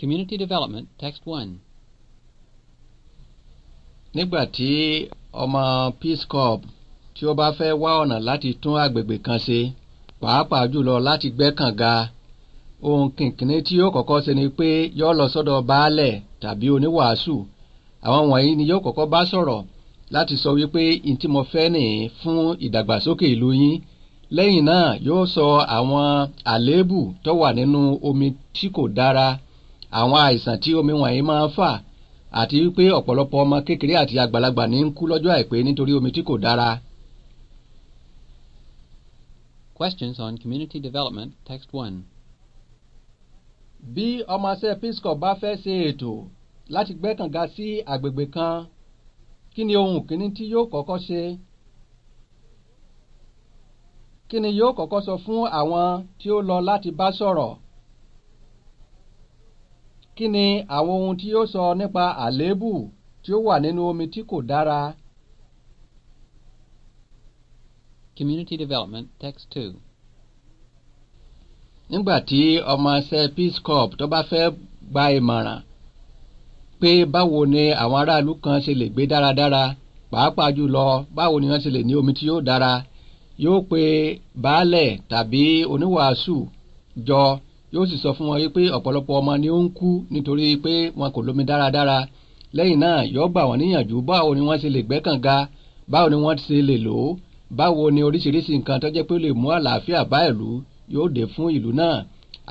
Community Development Text 1. Nígbà tí ọmọ Peace Corps tí ó bá fẹ́ wá ọ̀nà láti tún agbègbè kan ṣe pàápàá jùlọ láti gbẹ́ kànga ohun kìnkìnní tí yóò kọ́kọ́ ṣe ni pé yóò lọ sọ́dọ̀ baálẹ̀ tàbí oníwàásù àwọn wọ̀nyí ni yóò kọ́kọ́ bá sọ̀rọ̀ láti sọ wípé n tí mo fẹ́ nìyí fún ìdàgbàsókè ìlú yín lẹ́yìn náà yóò sọ àwọn àléébù tó wà nínú omi tí kò dára àwọn àìsàn tí omi wọ̀nyí máa ń fà àti wípé ọ̀pọ̀lọpọ̀ ọmọ kékeré àti àgbàlagbà ní ń kú lọ́jọ́ àìpé nítorí omi tí kò dára. Questions on Community Development Text one. Bí ọmọọṣẹ́ PSCOP bá fẹ́ ṣe ètò láti gbẹ́ kànga sí agbègbè kan, kí ni ohun kìíní tí yóò kọ́kọ́ ṣe? Kí ni yóò kọ́kọ́ sọ fún àwọn tí ó lọ láti bá sọ̀rọ̀? kí ni àwọn ohun tí ó sọ nípa àléébù tí ó wà nínú omi tí kò dára? Community Development Text Two. Nígbà tí ọmọọṣẹ́ Peace Corps tó bá fẹ́ gba ìmọ̀ràn pé báwo ni àwọn aráàlú kan ṣe lè gbé dáradára pàápàá jùlọ báwo ni wọ́n ṣe lè ní omi tí yóò dára yóò pe baálẹ̀ tàbí oníwàásù jọ yóò sì sọ fún wọn pé ọ̀pọ̀lọpọ̀ ọmọ ni ó ń kú nítorí pé wọn kò lómi dáradára lẹ́yìn náà yóò gbà wọ́n níyànjú báwo ni wọ́n ṣe lè gbẹ́ kànga báwo ni wọ́n ṣe lè lò ó báwo ni oríṣiríṣi nǹkan tó jẹ́ pé ó lè mú àlàáfíà bá ìlú yóò dé fún ìlú náà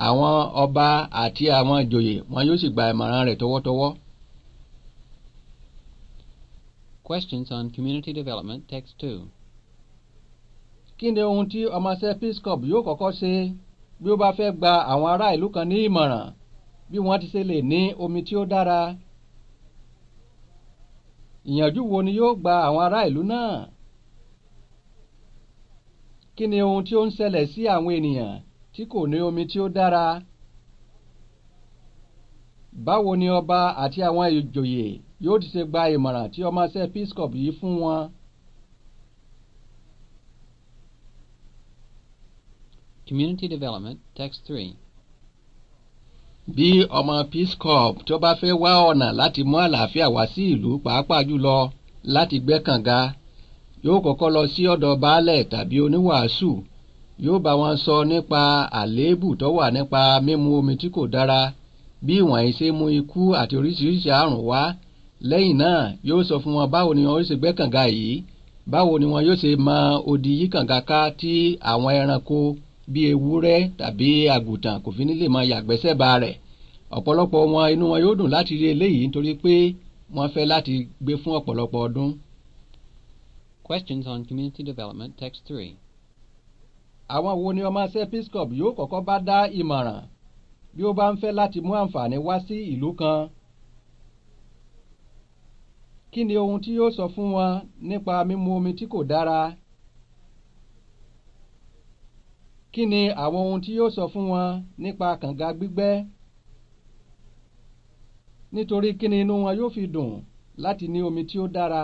àwọn ọba àti àwọn ìjòyè wọn yóò sì gba ìmọ̀ràn rẹ̀ tọwọ́tọwọ́. Questions on Community Development Text two Kí ni ohun tí ọmọọṣẹ́ Peace Corps yóò kọ́kọ́ ṣe? bí ó bá fẹ́ gba àwọn ará ìlú kan ní ìmọ̀ràn bí wọ́n ti ṣe lè ní omi tí ó dára ìyànjú wo ni yóò gba àwọn ará ìlú náà kí ni ohun tí ó ń ṣẹlẹ̀ sí àwọn ènìyàn tí kò ní omi tí ó dára báwo ni ọba àti àwọn ìjòyè yóò ti ṣe gba ìmọ̀ràn tí ọmọọṣẹ́ piscop yìí fún wọn. community development Text three. bí ọmọ peace corps tó bá fẹ́ wá ọ̀nà láti mú àlàáfíà wá sí ìlú pàápàá jùlọ láti gbẹ́ kànga yóò kọ́kọ́ lọ sí ọ̀dọ̀ baálẹ̀ tàbí oníwàásù yóò bá wọn sọ nípa àléébù tó wà nípa mímu omi tí kò dára bí ìwọ̀nyí ṣe mú ikú àti oríṣiríṣi àrùn wá lẹ́yìn náà yóò sọ fún wọn báwo ni wọn yóò ṣe gbẹ́ yìí báwo ni wọn yóò ṣe mọ odi yí ká tí àwọn ẹranko bí ewúrẹ́ tàbí àgùntàn kò fi ní lè máa yàgbẹ́ sẹ́bàá rẹ̀ ọ̀pọ̀lọpọ̀ wọn inú wọn yóò dùn láti rí eléyìí nítorí pé wọ́n fẹ́ láti gbé fún ọ̀pọ̀lọpọ̀ ọdún. Questions on community development text three. Àwọn wo ni ọmọ Sepiscop yóò kọ́kọ́ bá dá ìmọ̀ràn bí ó bá ń fẹ́ láti mú àǹfààní wá sí ìlú kan? Kí ni ohun tí yóò sọ fún wọn nípa mímu omi tí kò dára Kí ni àwọn ohun tí yóò sọ fún wọn nípa kànga gbígbẹ́? Nítorí kíni inú wọn yóò fi dùn láti ní omi tí ó dára.